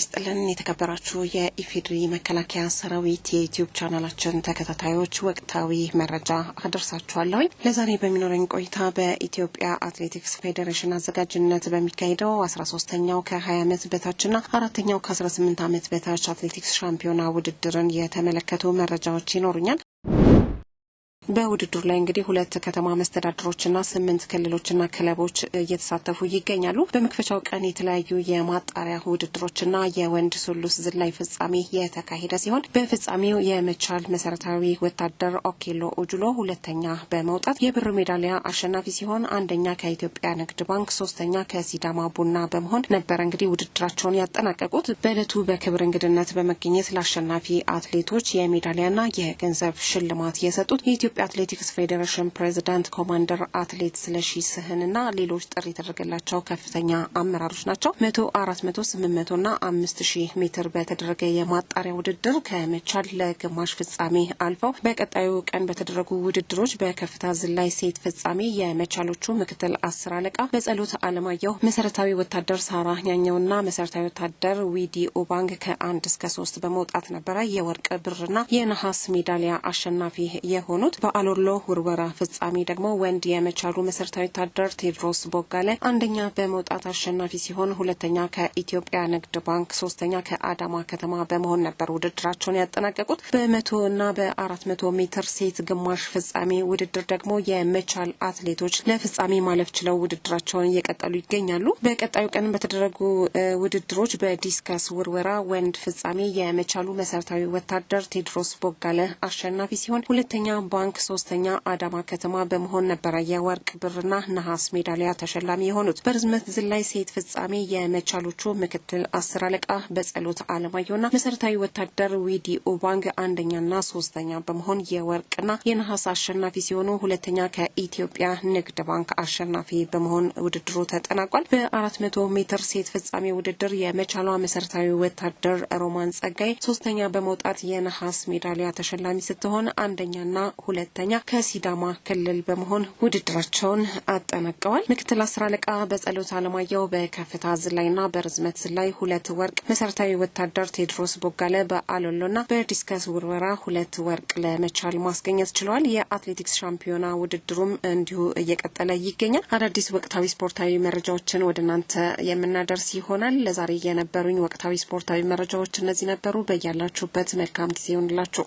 ይስጥልን የተከበራችሁ የኢፌዴሪ መከላከያ ሰራዊት የዩትዩብ ቻናላችን ተከታታዮች ወቅታዊ መረጃ አደርሳችኋለሁኝ። ለዛሬ በሚኖረኝ ቆይታ በኢትዮጵያ አትሌቲክስ ፌዴሬሽን አዘጋጅነት በሚካሄደው አስራ ሶስተኛው ከሀያ ዓመት በታችና አራተኛው ከአስራ ስምንት ዓመት በታች አትሌቲክስ ሻምፒዮና ውድድርን የተመለከቱ መረጃዎች ይኖሩኛል። በውድድሩ ላይ እንግዲህ ሁለት ከተማ መስተዳድሮችና ስምንት ክልሎችና ክለቦች እየተሳተፉ ይገኛሉ። በመክፈቻው ቀን የተለያዩ የማጣሪያ ውድድሮችና የወንድ ሱሉስ ዝላይ ፍጻሜ የተካሄደ ሲሆን በፍጻሜው የመቻል መሰረታዊ ወታደር ኦኬሎ ኦጁሎ ሁለተኛ በመውጣት የብር ሜዳሊያ አሸናፊ ሲሆን አንደኛ ከኢትዮጵያ ንግድ ባንክ፣ ሶስተኛ ከሲዳማ ቡና በመሆን ነበረ እንግዲህ ውድድራቸውን ያጠናቀቁት። በእለቱ በክብር እንግድነት በመገኘት ለአሸናፊ አትሌቶች የሜዳሊያና የገንዘብ ሽልማት የሰጡት የኢትዮጵያ የኢትዮጵያ አትሌቲክስ ፌዴሬሽን ፕሬዝዳንት ኮማንደር አትሌት ስለሺ ስህንና ሌሎች ጥሪ የተደረገላቸው ከፍተኛ አመራሮች ናቸው። መቶ አራት መቶ ስምንት መቶ ና አምስት ሺህ ሜትር በተደረገ የማጣሪያ ውድድር ከመቻል ለግማሽ ፍጻሜ አልፈው በቀጣዩ ቀን በተደረጉ ውድድሮች በከፍታ ዝላይ ሴት ፍጻሜ የመቻሎቹ ምክትል አስር አለቃ በጸሎት አለማየሁ፣ መሰረታዊ ወታደር ሳራ ኛኘው ና መሰረታዊ ወታደር ዊዲ ኦባንግ ከአንድ እስከ ሶስት በመውጣት ነበረ የወርቅ ብርና የነሐስ ሜዳሊያ አሸናፊ የሆኑት። በአሎሎ ውርወራ ፍጻሜ ደግሞ ወንድ የመቻሉ መሰረታዊ ወታደር ቴድሮስ ቦጋለ አንደኛ በመውጣት አሸናፊ ሲሆን ሁለተኛ ከኢትዮጵያ ንግድ ባንክ፣ ሶስተኛ ከአዳማ ከተማ በመሆን ነበር ውድድራቸውን ያጠናቀቁት። በመቶ እና በአራት መቶ ሜትር ሴት ግማሽ ፍጻሜ ውድድር ደግሞ የመቻል አትሌቶች ለፍጻሜ ማለፍ ችለው ውድድራቸውን እየቀጠሉ ይገኛሉ። በቀጣዩ ቀን በተደረጉ ውድድሮች በዲስከስ ውርወራ ወንድ ፍጻሜ የመቻሉ መሰረታዊ ወታደር ቴድሮስ ቦጋለ አሸናፊ ሲሆን ሁለተኛ ባንክ ባንክ ሶስተኛ አዳማ ከተማ በመሆን ነበረ የወርቅ ብርና ነሐስ ሜዳሊያ ተሸላሚ የሆኑት። በርዝመት ዝላይ ሴት ፍጻሜ የመቻሎቹ ምክትል አስር አለቃ በጸሎት አለማየሁና መሰረታዊ ወታደር ዊዲኦ ባንክ አንደኛና ሶስተኛ በመሆን የወርቅና የነሐስ አሸናፊ ሲሆኑ ሁለተኛ ከኢትዮጵያ ንግድ ባንክ አሸናፊ በመሆን ውድድሩ ተጠናቋል። በአራት መቶ ሜትር ሴት ፍጻሜ ውድድር የመቻሏ መሰረታዊ ወታደር ሮማን ጸጋይ ሶስተኛ በመውጣት የነሐስ ሜዳሊያ ተሸላሚ ስትሆን አንደኛና ሁለ ሁለተኛ ከሲዳማ ክልል በመሆን ውድድራቸውን አጠናቀዋል። ምክትል አስር አለቃ በጸሎት አለማየሁ በከፍታ ዝላይና በርዝመት ዝላይ ሁለት ወርቅ፣ መሰረታዊ ወታደር ቴድሮስ ቦጋለ በአሎሎና በዲስከስ ውርወራ ሁለት ወርቅ ለመቻል ማስገኘት ችለዋል። የአትሌቲክስ ሻምፒዮና ውድድሩም እንዲሁ እየቀጠለ ይገኛል። አዳዲስ ወቅታዊ ስፖርታዊ መረጃዎችን ወደ እናንተ የምናደርስ ይሆናል። ለዛሬ የነበሩኝ ወቅታዊ ስፖርታዊ መረጃዎች እነዚህ ነበሩ። በያላችሁበት መልካም ጊዜ ይሆንላችሁ።